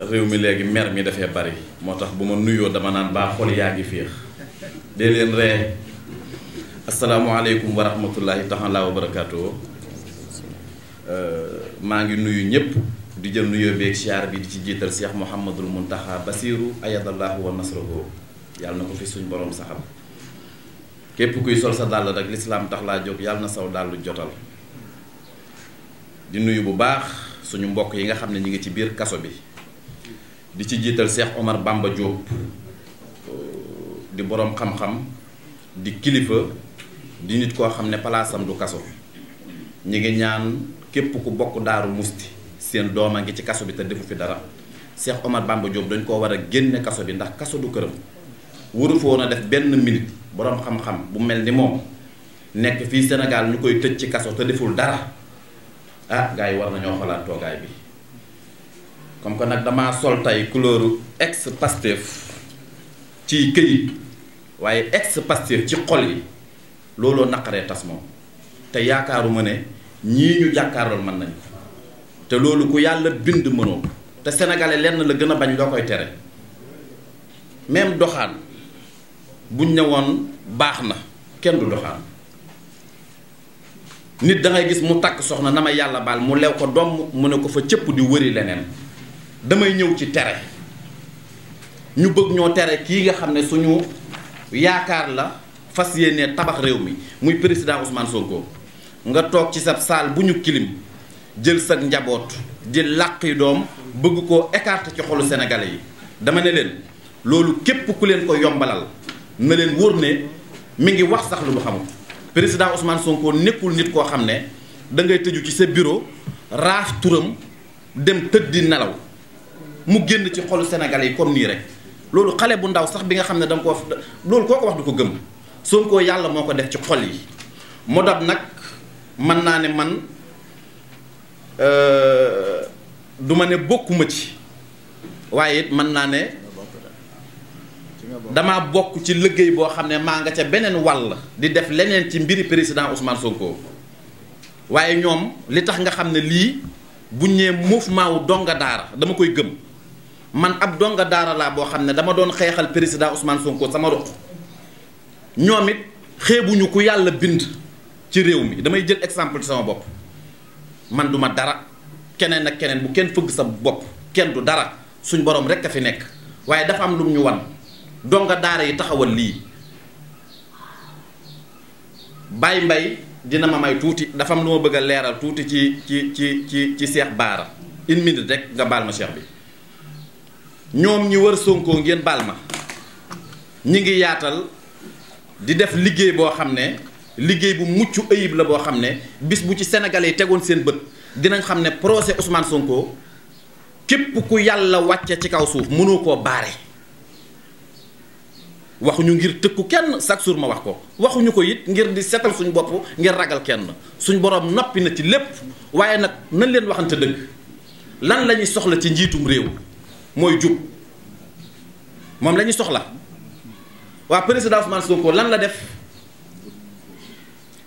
réew mi léegi mer mi dafee bari moo tax bu ma nuyoo dama naan baa xol yaa ngi féex dee leen ree asalaamualeykum wa rahmatullahi taala wa euh, maa ngi nuyu ñëpp di jël nuyoo beeg siyaar bi di ci jiital Cheikh Mouhamadul Muntaxa Basiru ayadallahu wa nasrahu yàlla na ko fi suñ boroom saxal képp kuy sol sa dàll rek lislaam tax laa jóg yàlla na saw dàllu jotal di nuyu bu baax suñu mbokk yi nga xam ne ñu ngi ci biir kaso bi di ci jiital Cheikh Omar Bamba jóob di boroom xam-xam di kilifa di nit koo xam ne palaasam du kaso ñi ngi ñaan képp ku bokk daaru musti seen doom a ngi ci kaso bi te defu fi dara Cheikh Omar Bamba Diop dañ koo war a génne kaso bi ndax kaso du këram waru fa woon a def benn minute boroom xam-xam bu mel ni moom nekk fii Sénégal ñu koy tëj ci kaso te deful dara ah gars yi war nañoo xoolaat toogaay bi comme que nag damaa sol tey couleur ex Pastef ci këyit waaye ex Pastef ci xol yi looloo naqaree tas moom te yaakaaruma ne ñii ñu jàkkaarool mën nañ te loolu ku yàlla bind mënoo te sénégalais lenn la gën a bañ loo koy tere même doxaan buñ ne woon baax na kenn du doxaan nit da gis mu takk soxna na ma yàlla baal mu lew ko doom mu ne ko fa cëpp di wëri leneen damay ñëw ci tere ñu bëgg ñoo tere kii nga xam ne suñu yaakaar la fas yéene tabax réew mi muy président Ousmane Sonko nga toog ci sa saal bu ñu kilim jël sa njaboot di yi doom bëgg ko écarter ci xolu sénégalais yi dama ne leen loolu képp ku leen ko yombalal na leen wóor ne mi ngi wax sax lu mu xamul président Ousmane Sonko nekkul nit koo xam ne da ngay tëju ci sa bureau raaf turam dem tëdd di nelaw mu génn ci xolu Sénégalais yi comme nii rek loolu xale bu ndaw sax bi nga xam ne da nga koo loolu koo wax du ko gëm Sonko yàlla moo ko def ci xol yi mu dab nag mën naa ne man euh, du ne bokkuma ci waaye it mën naa ne dama bokk ci liggéey boo xam ne maa nga ca beneen wàll di def leneen ci mbiri président Ousmane Sonko waaye ñoom li tax nga xam ne lii bu ñee mouvement wu donga daara dama koy gëm man ab donga daara laa boo xam ne dama doon xeexal président Ousmane Sonko sama roq ñoom it xeebuñu ku yàlla bind ci réew mi damay jël exemple sama bopp man duma dara keneen ak keneen bu kenn fëgg sa bopp kenn du dara suñ borom rek a fi nekk waaye dafa am lum ñu wan donga daara yi taxawal lii Baye Mbaye dina ma may tuuti dafa am lu bëgg a leeral tuuti ci ci ci ci ci Cheikh Baara une minute nga baal ma Cheikh bi. ñoom ñi wër sonkoo ngeen baal ma ñi ngi yaatal di def liggéey boo xam ne liggéey bu mucc ayib la boo xam ne bis bu ci Sénégalais yi tegoon seen bët dinañ xam ne procès usmaan Sonko képp ku yàlla wàcce ci kaw suuf mënoo koo baare waxuñu ngir tëkku kenn chaque jour ma wax ko waxuñu ko it ngir di setal suñ bopp ngir ragal kenn suñ boroom noppi na ci lépp waaye nag nañ leen waxante dëgg lan lañuy soxla ci njiitum réew mooy jub moom la soxla waa président Ousmane Sonko lan la def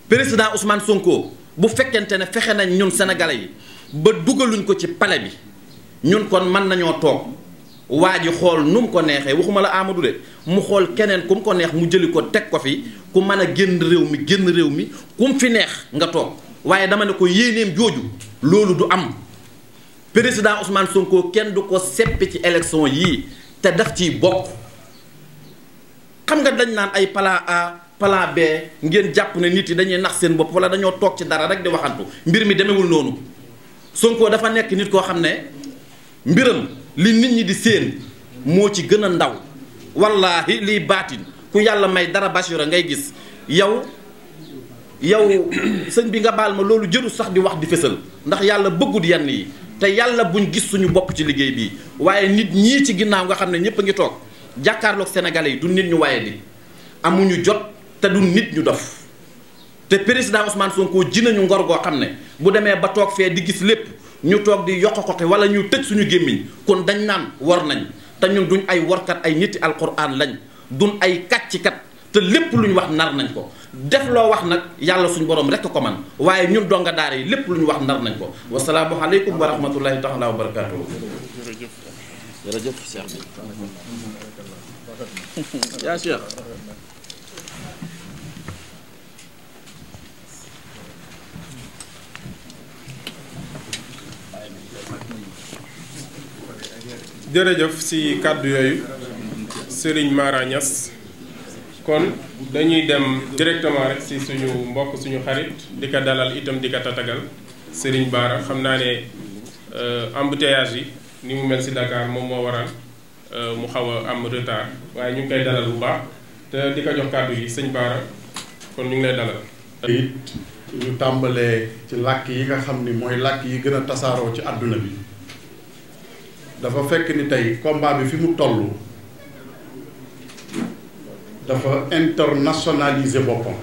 président Ousmane Sonko bu fekkente ne fexe nañ ñun sénégalais yi ba dugaluñ ko ci palais bi ñun kon mën nañoo toog waa ji xool nu mu ko neexee waxuma la Amadou de mu xool keneen ku mu ko neex mu jëli ko teg ko fi ku mën a génn réew mi génn réew mi ku mu fi neex nga toog waaye dama ne ko yéeneem jooju loolu du am. président Ousmane Sonko kenn du ko seppi ci élection yii te daf ciy bokk xam nga dañ naan ay palaa palaa plan B ngeen jàpp ne nit yi dañuy nax seen bopp wala dañoo toog ci dara rek di waxantu mbir mi demewul noonu Sonko dafa nekk nit koo xam ne mbiram li nit ñi di séen moo ci gën a ndaw wallaahi liy baatin ku yàlla may dara Bachira ngay gis yow yow sëñ bi nga baal ma loolu jëru sax di wax di fësal ndax yàlla bëggut yenn yi te yàlla buñ gis suñu bopp ci liggéey bii waaye nit ñii ci ginnaaw nga xam ne ñëpp a ngi toog jàkkaarloog sénégalais yi du nit ñu waaye di amuñu jot te du nit ñu dof te président Ousmane Sonko ji nañu ngor goo xam ne bu demee ba toog fee di gis lépp ñu toog di yoqokote wala ñu tëj suñu gémmiñ kon dañ naan war nañ te ñun duñ ay warkat ay ñitti alquran lañ du ay kàccikat te lépp lu ñu wax nar nañ ko def loo wax nag yàlla suñu borom rek ko man waaye ñun donga daara yi lépp lu ñu wax nar nañ ko wasalaamu aleykum wa rahmatullahi taala wa barakaatuhu jërëjëf si kàddu yooyu Serigne Mara kon dañuy dem directement rek si suñu mbokk suñu xarit di ko dalal itam di ko tatagal Serigne Bara xam naa ne euh, embouteillage yi ni mu mel si Dakar moom moo waral euh, mu xaw a am retard waaye ñu ngi koy dalal bu baax te di ko jox kàddu yi sëñ Bara kon ñu ngi lay dalal. it ñu tàmbalee ci làkk yi nga xam ni mooy làkk yi gën a tasaaroo ci àdduna bi dafa fekk ni tey combat bi fi mu tollu dafa internationaliser boppam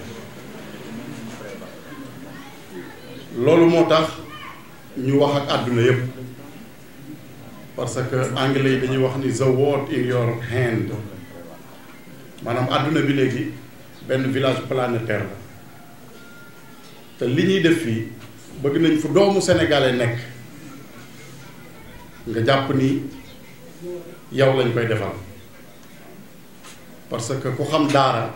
loolu moo tax ñu wax ak àdduna yépp parce que anglais yi dañuy wax ni the world in your hand maanaam àdduna bi léegi benn village planetaire la te li ñuy def fii bëgg nañ fu doomu sénégalais nekk nga jàpp ni yow lañ koy defal parce que ku xam daara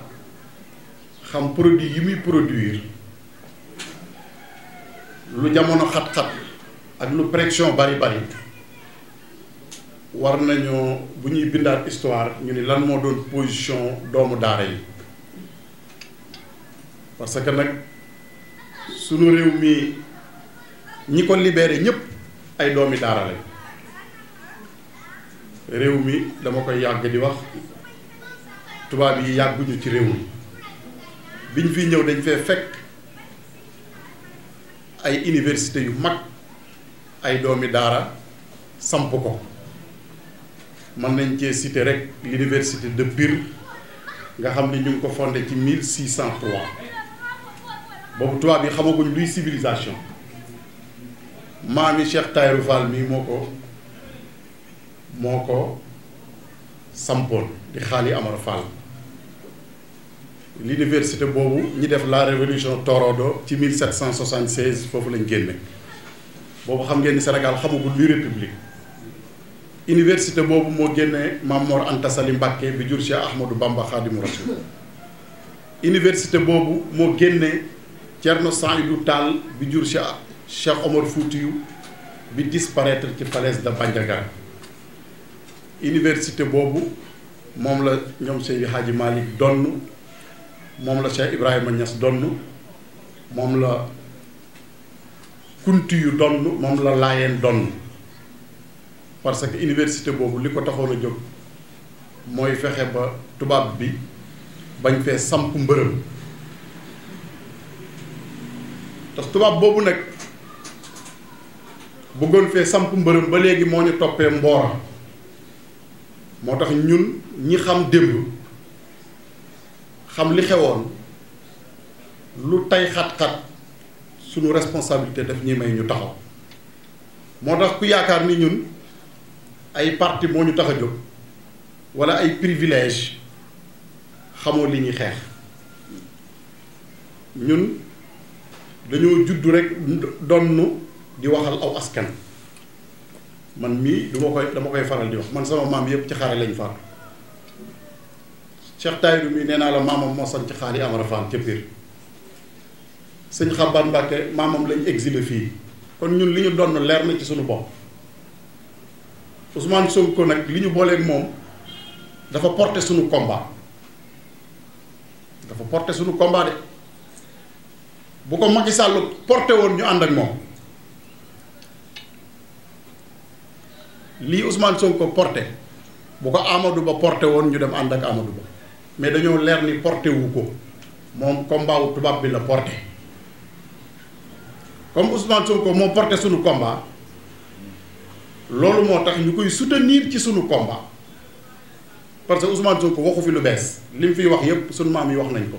xam produit yi muy produire lu jamono xat-xat ak lu pression bari bari war nañoo bu ñuy bindaat histoire ñu ni lan moo doon position doomu daara yi parce que nag sunu réew mi ñi ko libeere ñëpp ay doomi daara lañ réew mi dama ko yàgg di wax tubaab yi yàgguñu ci réew mi biñ fi ñëw dañ fee fekk ay université yu mag ay doomi daara samp ko mën nañ cee citer rek l'université de Pire nga xam ne ñu ngi ko fonde ci 1603 boobu tubaab yi xamaguñ luy sibilisation maami Cheikh Tahirou Fall mii moo ko moo ko sampoon di xaali Amar Fall l'université boobu ñi def la révolution Torodo ci 1776 foofu lañ génne boobu xam ngeen ni Sénégal xamagul luy république université boobu moo génne Mame Mor Anta bi jur Cheikh Ahmadou Bamba Khadimou Rassoul université boobu moo génne Thierno Saïdou Tall bi jur ah Cheikh Omar Foutiyou bi disparaître ci falaise de Bandiagara université boobu moom la ñoom Seydi Hadji Malick donn moom la Cheikh Ibrahima Niass donn moom la kunti yu donn moom la laayeen donn parce que université boobu li ko taxoon a jóg mooy fexe ba tubaab bi bañ fee samp mbërëm tax tubaab boobu nag bëggoon fee samp mbërëm ba léegi moo ñu toppee mboora moo tax ñun ñi xam démb xam li xewoon lu tey xat-xat suñu responsabilité daf ñuy may ñu taxaw moo tax ku yaakaar ni ñun ay parti moo ñu tax a jóg walla ay privilège xamoo li ñuy xeex ñun dañoo juddu rek donn di waxal aw askan man mii duma koy dama koy faral di wax man sama maam yëpp ci xare lañ faatu Cheikh Tahirou mi nee naa la maamam moo sanc xaali am Fane ca Pire sëñ Xaban Mbàkke maamam lañ exilé fii kon ñun li ñu donn leer na ci suñu bopp Ousmane ko nag li ñu booleeg moom dafa porté suñu combat dafa porté suñu combat de bu ko Macky Sall porté woon ñu ànd ak moom lii Ousmane ko porté bu ko Amadou Ba porté woon ñu dem ànd ak Amadou Ba mais dañoo leer ni porté wu ko moom combat tubaab bi la porté comme Ousmane Sonko moo porté sunu komba loolu moo tax ñu koy soutenir ci sunu komba parce que Ousmane Sonko waxu fi lu bees li mu fiy wax yépp sunu maam yi wax nañ ko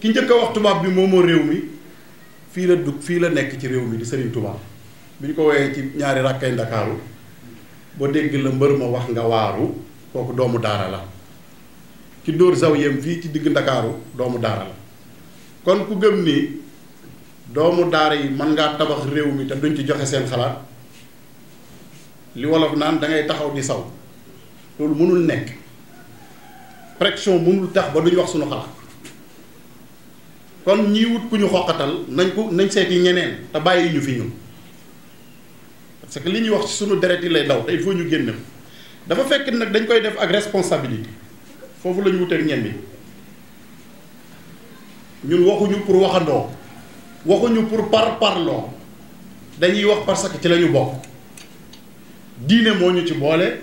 ki njëkk a wax tubaab bi moom moomoo réew mi fii la dugg fii la nekk ci réew mi di Serigne Touba bi ñu ko woowee ci ñaari rakkay Ndakaaru ba dégg la mbër ma wax nga waaru kooku doomu daara la ki dóor zawiyam fii ci digg ndakaaru doomu daara la kon ku gëm ni doomu daara yi mën ngaa tabax réew mi te duñ ci joxe seen xalaat li wolof naan dangay taxaw di saw loolu mënul nekk pression mënul tax ba duñ wax sunu xalaat kon ñii wut ku ñu xoqatal nañ ko nañ seet yi ñeneen te bàyyi ñu fi ñu parce que li ñuy wax ci suñu deret yi lay daw te foo ñu génne dafa fekk nag dañ koy def ak responsabilité foofu la ñu wuteeg ñenn ñi ñun waxuñu pour waxandoo waxuñu pour par parloo dañuy wax parce que ci la bokk diine moo ñu ci boole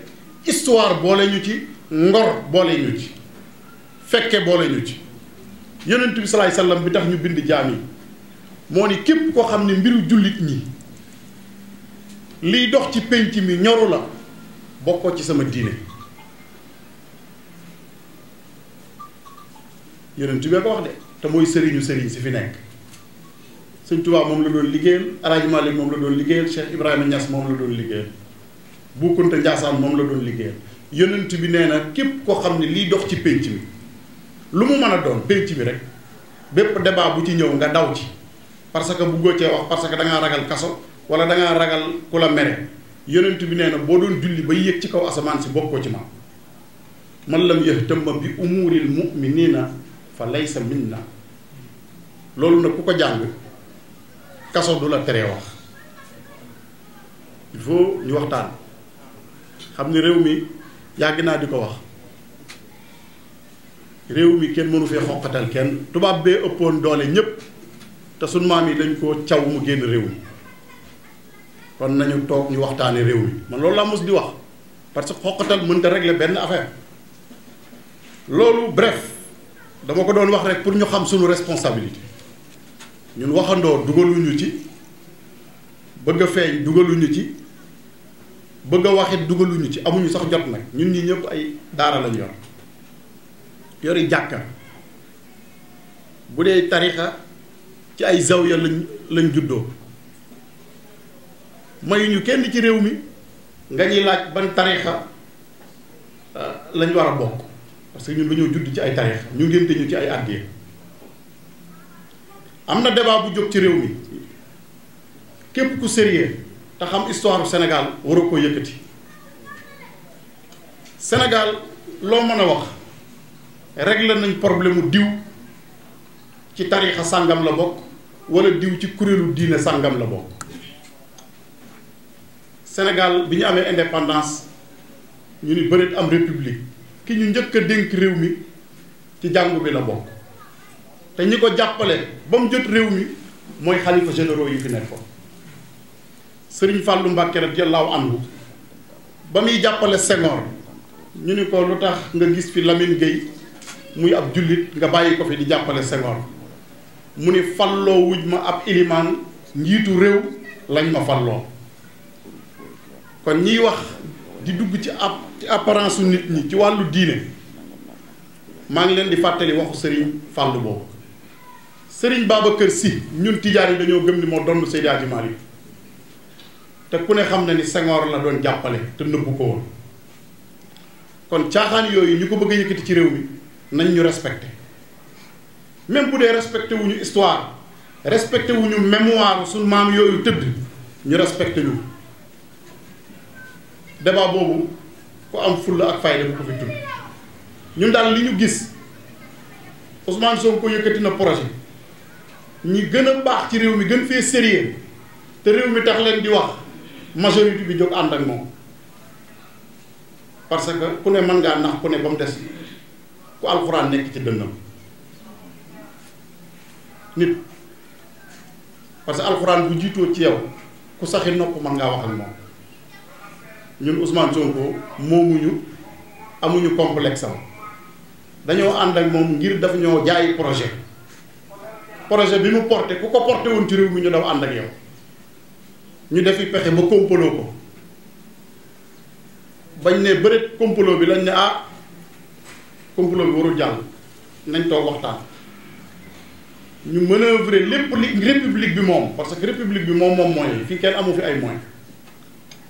histoire boole ñu ci ngor boole ñu ci fekke boole ñu ci yonent bi salaay sallam bi tax ñu bind jaam moo ni képp koo xam ne mbiru jullit ñi liy dox ci pénc mi ñoru la bokkoo ci sama diine yonent bi ko wax de te mooy sëriñu sëriñ si fi nekk sëñ Tuubaa moom la doon liggéeyal Alaaji Maalik moom la doon liggéeyal Cheikh Ibrahima ñas moom la doon liggéeyal Bou Kounta Ndiassane moom la doon liggéeyal yonent bi nee na képp koo xam ne liy dox ci pénc mi lu mu mën a doon pénc mi rek bépp débat bu ci ñëw nga daw ci parce que bu góocee wax parce que da ragal kaso wala dangaa ragal ku la mere yonent bi nee na boo doon julli ba yéeg ci kaw asamaan si bokkoo ci ma man lam yahtamma bi mu mi nii mu'miniina fa laysa minna loolu nag ku ko jàng kaso du la teree wax il faut ñu waxtaan xam ne réew mi yàgg naa di ko wax réew mi kenn mënu fee xoqatal kenn tubaab bee ëppoon doole ñépp te sunu maam yi dañ ko caw mu génn réew mi kon nañu toog ñu waxtaanee réew mi man loolu laa mos di wax parce que xoqatal mënta régler benn affaire loolu bref dama ko doon wax rek pour ñu xam suñu responsabilité ñun waxandoo dugaluñu ci bëgg a feeñ ñu ci bëgg a waxit dugaluñu ci amuñu sax jot nag ñun ñi ñëpp ay daara lañ yor yori jàkka bu dee tarixa ci ay zawiya lañ lañ juddoo mayuñu kenn ci réew mi nga ñuy laaj ban tariixa euh, lañ war a bokk parce que ñun dañoo judd ci ay tariixa ñu ngénte ñu ci ay àddiyee am na débat bu jóg ci réew mi képp ku sérieux te xam histoire Sénégal waroo ko yëkkati Sénégal loo mën a wax réglé nañ problème mu diw ci tariixa sàngam la bokk wala diw ci kuréelu diine sàngam la bokk Sénégal bi ñu amee indépendance ñu ni bëreet am république ki ñu njëkk a dénk réew mi ci jàngu bi la bokk te ñi ko jàppale ba mu jot réew mi mooy xalifa généro yi fi nekkoon Sëriñ Fàllu Mbàkke radiyallaahu anhu ba muy jàppale Senghor ñu ni ko lu tax nga gis fi Lamine Gueye muy ab jullit nga bàyyi ko fi di jàppale Senghor mu ni falloo wuj ma ab ilimaan njiitu réew lañ ma falloo kon ñiy wax di dugg ci app ci apparence su nit ñi ci wàllu diine maa ngi leen di fàttali waxu sëriñ Fàllu boobu sëriñ kër Si ñun tijaan yi dañoo gëm ni moo donn Seydi Hadji Malick te ku ne xam na ni Senghor la doon jàppale te nëbbu ko woon kon caaxaan yooyu ñu ko bëgg a yëkkati ci réew mi nañ ñu respecté même bu dee respecté wu ñu histoire respecté wu ñu mémoire suñ maam yooyu tëdd ñu respecté ñu débat boobu ku am fulla ak fayda bu ko fi tudd ñun daal li ñu gis Ousmane Sonko yëkkati na projet ñi gën a baax ci réew mi gën fee sérieux te réew mi tax leen di wax majorité bi jóg ànd ak moom parce que ku ne mën ngaa nax ku ne ba mu des ku alxuraan nekk ci dënnam nit parce que alxuraan bu jiitoo ci yow ku saxi nopp mën ngaa wax ak moom ñun Ousmane Sonko moomuñu amuñu complexe am dañoo ànd ak moom ngir daf ñoo jaay projet projet bi mu porté ku ko porté woon ci réew mi ñu daw ànd ak yow ñu def defi pexe ba kompaloo ko bañ ne bëreet kompaloo bi lañ ne ah kompaloo bi warul jàll nañ toog waxtaan ñu manœuvrer lépp li république bi moom parce que république bi moom moom mooy fi kenn amu fi ay moyens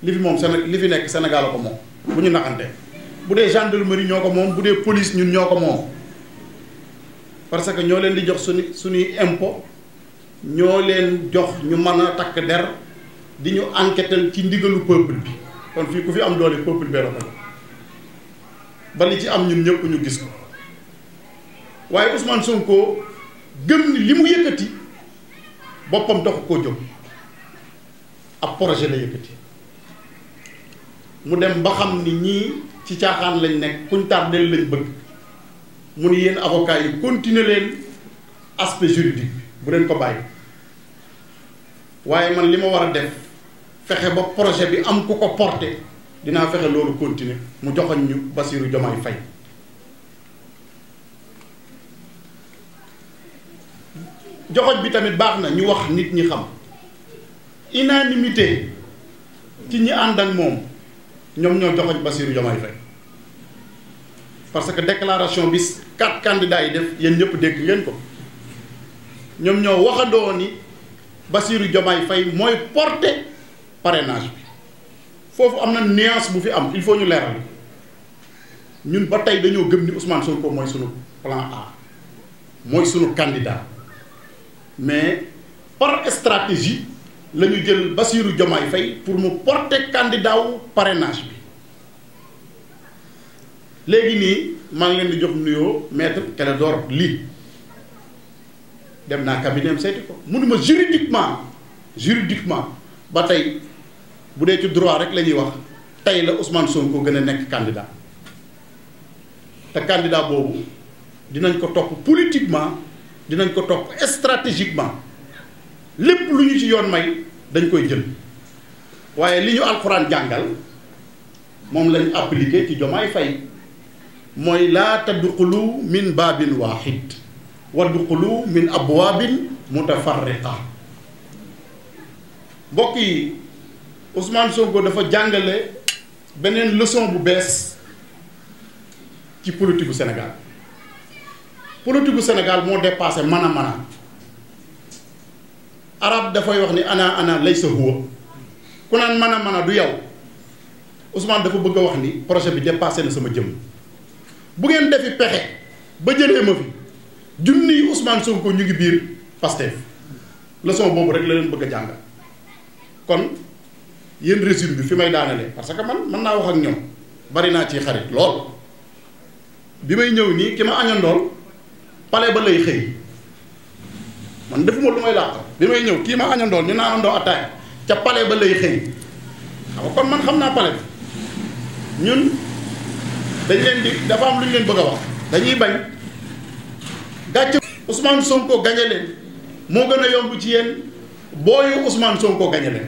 li fi moom Séné li fi nekk Sénégal ko moom bu ñu naxante bu dee gendarmerie ñoo ko moom bu dee police ñun ñoo ko moom parce que ñoo leen di jox suñu suñuy impôt ñoo leen jox ñu mën a takk der di ñu enquêter ci ndigalu peuple bi kon fii ku fi am doole peuple bee la ko ba li ci am ñun ñëpp ñu gis ko waaye Ousmane Sonko gëm ni li mu yëkkati boppam dox koo jóg ab projet la yëkkati. mu dem ba xam ni ñii ci caaxaan lañ nekk kuñ tardeel lañ bëgg mu ni yéen avocat yi continuer leen aspect juridique bu leen ko bàyyi waaye man li ma war a def fexe ba projet bi am ku ko porté dinaa fexe loolu continuer mu joxoñ ñu Bassirou Diomaye Faye joxoñ bi tamit baax na ñu wax nit ñi xam unanimité ci ñi ànd moom ñoom ñoo joxoñ Bassirou Diomaye Faye parce que déclaration bi quatre candidats yi def yéen ñëpp dégg ngeen ko ñoom ñoo waxandoo ni Bassirou Diomaye Faye mooy porter parrainage bi foofu am na nuance bu fi am il faut ñu leeral ñun ba tey dañoo gëm ni Ousmane Sonko mooy sunu plan A mooy sunu candidat mais par stratégie lañu jël Bassirou Diomaye Faye pour mu porter candidat wu parrainage bi léegi nii maa ngi leen di jox nuyoo maître Clédor lii dem naa cabinet am seeti ko munuma juridiquement juridiquement ba tey bu dee ci droit rek lañuy wax tey la Ousmane Sonko gën a nekk candidat te candidat boobu dinañ ko topp politiquement dinañ ko topp stratégiquement lépp lu ñu ci yoon may dañ koy jël waaye li ñu alxuraan jàngal moom lañu appliqué ci jomaay fay mooy laa tadxulu min baabin waaxid wadxulu min abwaabin mutafarriqa mbokk yi Ousmane Sonko dafa jàngale beneen leçon bu bees ci politique gu Sénégal politique gu Sénégal moo dépassé mën a mën a arab dafay wax ni anaa ana laysa huwa ku naan mën a mën du yow Ousmane dafa bëgg a wax ni projet bi dépassé na sama jëm bu ngeen defi pexe ba jëlee ma fi junniy Ousmane Sonko ñu ngi biir Pastef leçon boobu rek la leen bëgg a jàng kon yéen résumé bi fi may daanale parce que man man naa wax ak ñoom bari naa ci xarit lool bi may ñëw nii ki ma añandool pale ba lay xëy man defuma lu may làq bi may ñëw kii ma añandoon ñu naa naanandoo attaay ca palais ba lay xëy xam kon man xam naa palais bi ñun dañ leen di dafa am lu ñu leen bëgg a wax dañuy bañ gàcce Ousmane Sonko gañe leen moo gën a yomb ci yéen booyu Ousmane Sonko gañe leen